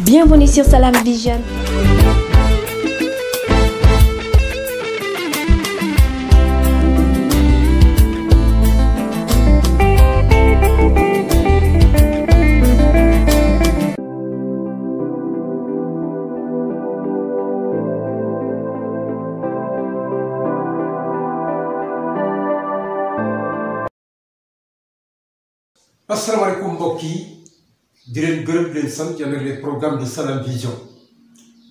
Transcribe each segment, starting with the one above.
Bienvenue sur Salam Vision. asalaamaaleykum mbokk yi di leen gërëm di leen sant avec les programmes de Salam Vision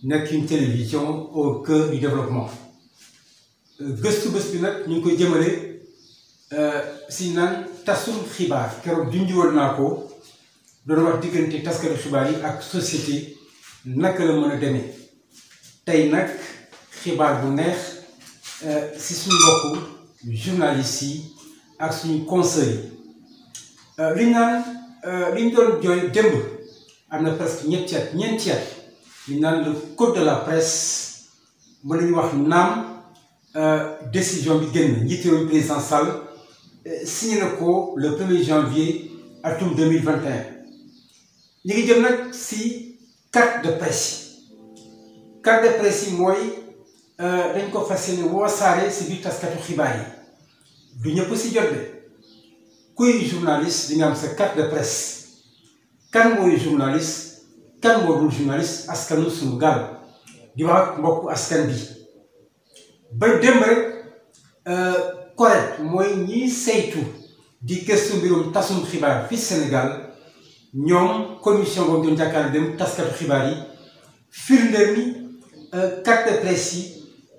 nekk une télévision au cœur du développement euh, gëstu bés bi nag ñu ngi koy jëmale euh, si naan tasum xibaar keroog junjuwal naa ko doon wax diggante taskari xibaar yi ak société naka la mën a demee tey nag xibaar bu neex euh, si suñu mbokku journalistes yi ak suñu conseils yi Euh, li ñu doon jooy démb am na presque ñetti at ñeenti at ñu naan le code de la presse mën nañu wax naam euh, décision bi génn njiité woon président Sall euh, signé na ko le premier janvier atum 2021 ñu ngi jëm nag si carte de presse yi carte de presse yi mooy dañ ko fas yéene woo saare si biir taskatu xibaar yi du ñëpp si jot de kuy journaliste di nga am sa carte de presse kan mooy journaliste kan moo dul journaliste askanu suñu gaal di wax ak mbokku askan bi ba démb rek euh, correct mooy ñiy saytu di gëstu mbirum tasum xibaar fi Sénégal ñoom commission boobu doon jàkkaarloo dem taskatu xibaar yi firndeel ni euh, carte de presse yi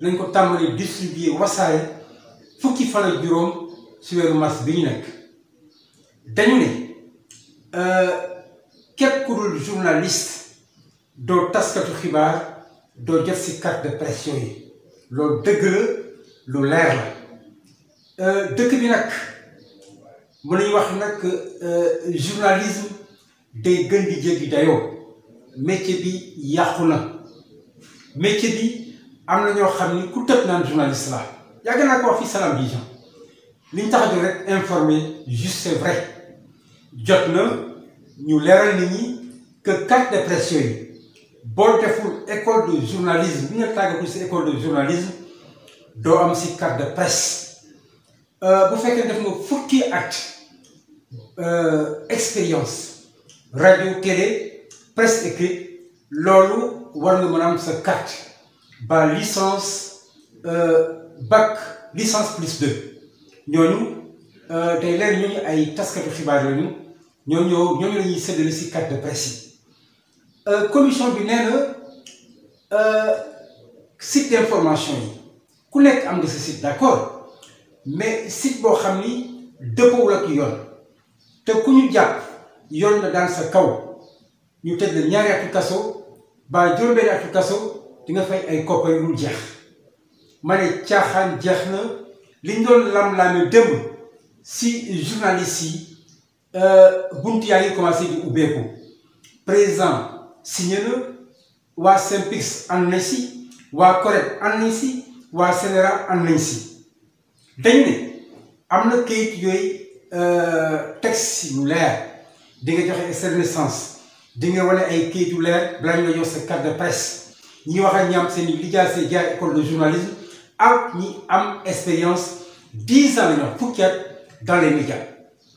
lañ ko tàmbali distribuer wasaare fukki fan ak juróom si weeru mars bi ñu nekk. dañu ne euh, képp ku dul journaliste doo taskatu xibaar doo jot si carte de pression yi loolu dëgg la lu leer la euh, dëkk bi nag mën nañu wax nag euh, journalisme day gën di jéggi dayoo métier bi yàqu na métier bi am na ñoo xam ni ku tëb naan journaliste la yàgg naa ko wax fi Salam Vision li ñu tax a jóg rek informer juste c'est vrai jot na ñu leeral nit ñi que carte de presse yooyu boo deful école de journalisme bi nga tàggatul si école de journalisme doo am si carte de presse euh, bu fekkee def nga fukki at euh, expérience radio télé presse écrite loolu war nga mën a am sa carte ba licence euh, bac licence plus deux ñooñu Euh, tey léegi ñooñu ay taskatu xibaar lañu ñoo ñoo ñooñu la ñuy si carte de presse yi euh, commission bi nee na euh, site d' yi ku nekk am nga sa site d' mais site boo xam ni dëppoowul ak yoon te ku ñu jàpp yoon la daan sa kaw ñu tëj la ñaari atu kaso ba juróom-benn atu kaso di nga fay ay koppar yu jeex ma ne caaxaan jeex na liñ doon lam-laame démb si journaliste yi euh, bunt yaa ngi commencé di ubbeeku président signé waa Synpics am nañ si waa CORED am nañ si waa Sénéral am nañ si dañ ne am na kayit yooyu euh, texte yu leer di jox joxe sa naissance di nga wane ay kayitu leer balaa la jox sa carte de presse ñi wax ak ñaam seen i lijaase jaar école de journalisme ak ñi am expérience dix ans la fukki at dans les médias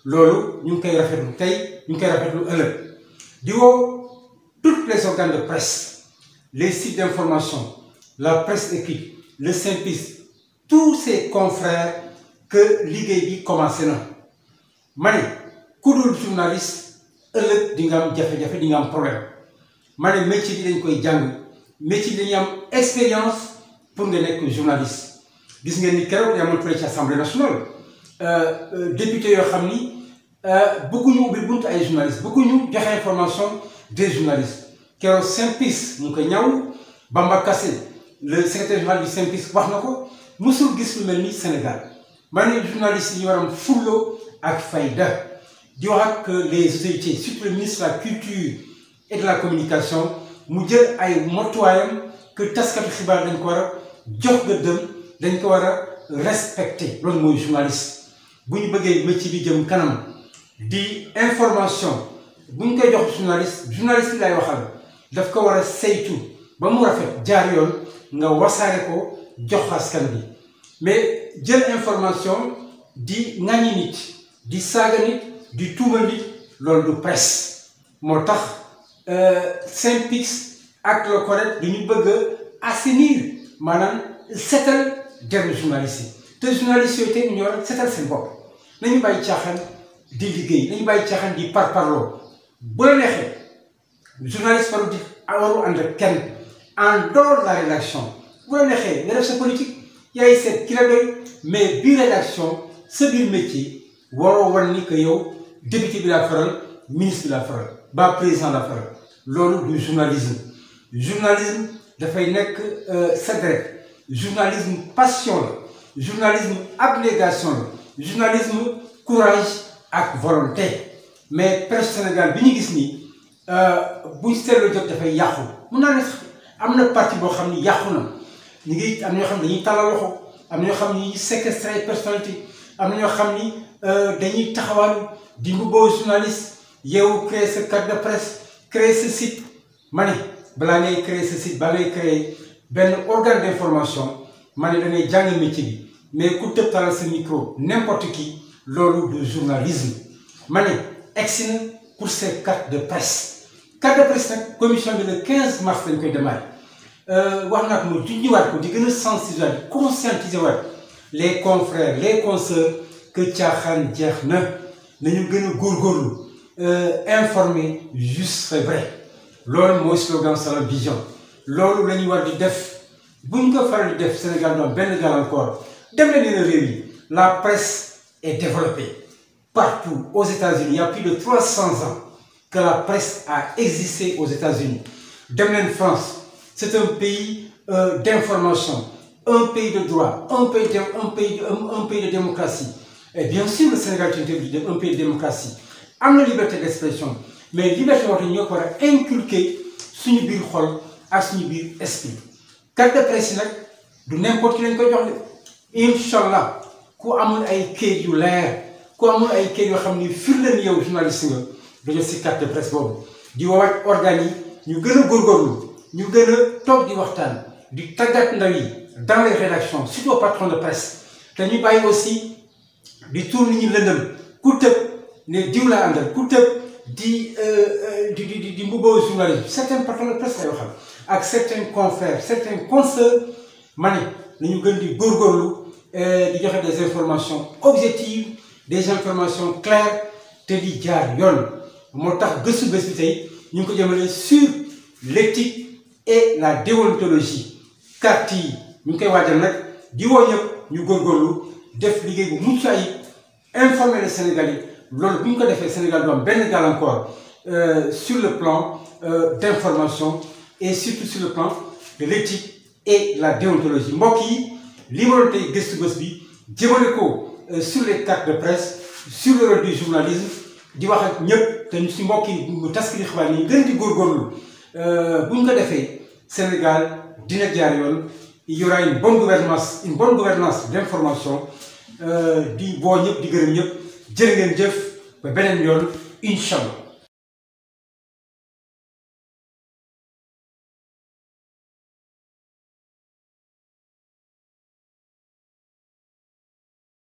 loolu ñu ngi koy rafetlu tey ñu ngi koy rafetlu ëllëg di woo toutes les organes de presse les sites d'information la presse écrite le SYNPICS tous ces confrères que liggéey bi commencé na ma ne ku dul journaliste ëllëg di nga am jafe-jafe di nga am problème ma ne métier bi dañ koy jàng métier bi dañuy am expérience pour nga nekk journaliste gis ngeen ni keroog yaa ma fële ci assemblée nationale Euh, euh, député yoo xam ni euh, bëgguñu ubbi bunt ay journalistes bëgguñu joxe information des journalistes keroog Synpis ñu ko ñaw Bamba Kassé le secrétaire général du Synpis wax na ko musul gis lu mel ni Sénégal man ne journalistes yi ñu war fulloo ak fayda di wax ak les autorités surtout ministre la culture et de la communication mu jël ay motuwaayam que taskatu xibaar dañ ko war a jox gëddëm dañ ko war a respecté loolu mooy journaliste bu ñu bëggee métier bi jëm kanam di information bu ñu koy jox journaliste journaliste lay waxal daf ko war a saytu ba mu rafet jaar yoon nga wasaare ko jox askan bi mais jël information di ŋañi nit di saaga nit di tuuma nit loolu du presse moo tax euh, Synpics ak Le Correct du ñu bëgg a assainir maanaam setal dem journaliste yi te journaliste yooyu tey ñu war a setal seen bopp nañu bàyyi caaxaan di liggéey nañu bàyyi caaxaan di parparloo bu la neexee journaliste waru di waru ànd ak kenn la rédaction la neexee nga def sa politique yaay seet ki loolu du journalisme journalisme dafay nekk euh, sa deret journalisme passion journalisme abnégation la journalisme courage ak volonté mais presse Sénégal bi ñu gis nii euh, buñ seetloo jot dafay yàqu mun naa ne am na parti boo xam ni yàqu na ñu ngi am na xam ne dañuy talal am na xam ni séquestré ay personnalité am na ñoo xam ni dañuy euh, taxawaan di mbubboo journaliste yow créer sa de presse créer sa site ma ne balaa ngay créer sa site balaa ngay créer benn organe d'information ma ne da ngay jàng métier bi mais ku tëbtaral sa micro n'importe qui loolu du journalisme ma ne egsi na pour ces cartes de presse carte de presse nag commission bi le 15 mars lañ koy démarrer euh, wax naa ko mu junjiwaat ko di gën a sensibiliser waat conscientiser waat les confrères les consoeurs que caaxaan jeex na nañu gën a góorgóorlu euh, informer juste c'est vrai loolu mooy slogan Salam Vision loolu la ñuy war di def buñ ko faral def Sénégal ñoom benn gàllankoor dem leen yeneen réew yi la presse est développée partout aux États-Unis il y a plus de 300 ans que la presse a existé aux États-Unis dem leen France c'est un pays euh, d'information un pays de droit un pays de un pays un, de démocratie et bien sûr le Sénégal c'est un pays de démocratie am na liberté d'expression mais liberté wax ñoo ko war a inculquer suñu biir xol ak suñu biir esprit. carte de presse yi nag du n'importe qui lañ koy jox de incha allah ku amul ay kayit yu leer ku amul ay kayit yoo xam ni firnde ni yow journaliste nga du si carte de presse boobu di woowaat organes ñu gën a góorgóorlu ñu gën a toog di waxtaan di tàggat ndaw yi dans les rédactions surtout patron de presse te ñu bàyyi aussi di tour nit ñi lëndëm ku tëb ne diw laa àndal ku tëb. Euh, euh, di di di di mbubboo journalisme certains patrons de presse yoo xam ak certains confrères certains consoeurs ma ne nañu gën di góorgóorlu euh, di joxe des informations objectives des informations claires te di jaar yoon moo tax gëstu bés bi tey ñu ngi ko jëmale sur l'éthique et la déontologie yi ñu ngi koy waajal nag di woo ñëpp ñu góorgóorlu def liggéey bu mucc ayib informer les loolu bu ñu ko defee Sénégal du benn gàllankoor euh, sur le plan euh, d' information et surtout sur le plan de l'éthique et la déontologie mbokk yi li ma doon tey gëstu bés bi jëmale ko euh, sur les cartes de presse sur le rôle du di wax ak ñëpp ci si mbokk yi taskati xibaar yi gën di góorgóorlu bu ñu ko defee Sénégal dina jaar yoon il y aura une bonne gouvernance une bonne gouvernance d' di boo ñëpp di gërëm ñëpp jërë ngeen jëf ba beneen yoon incha allah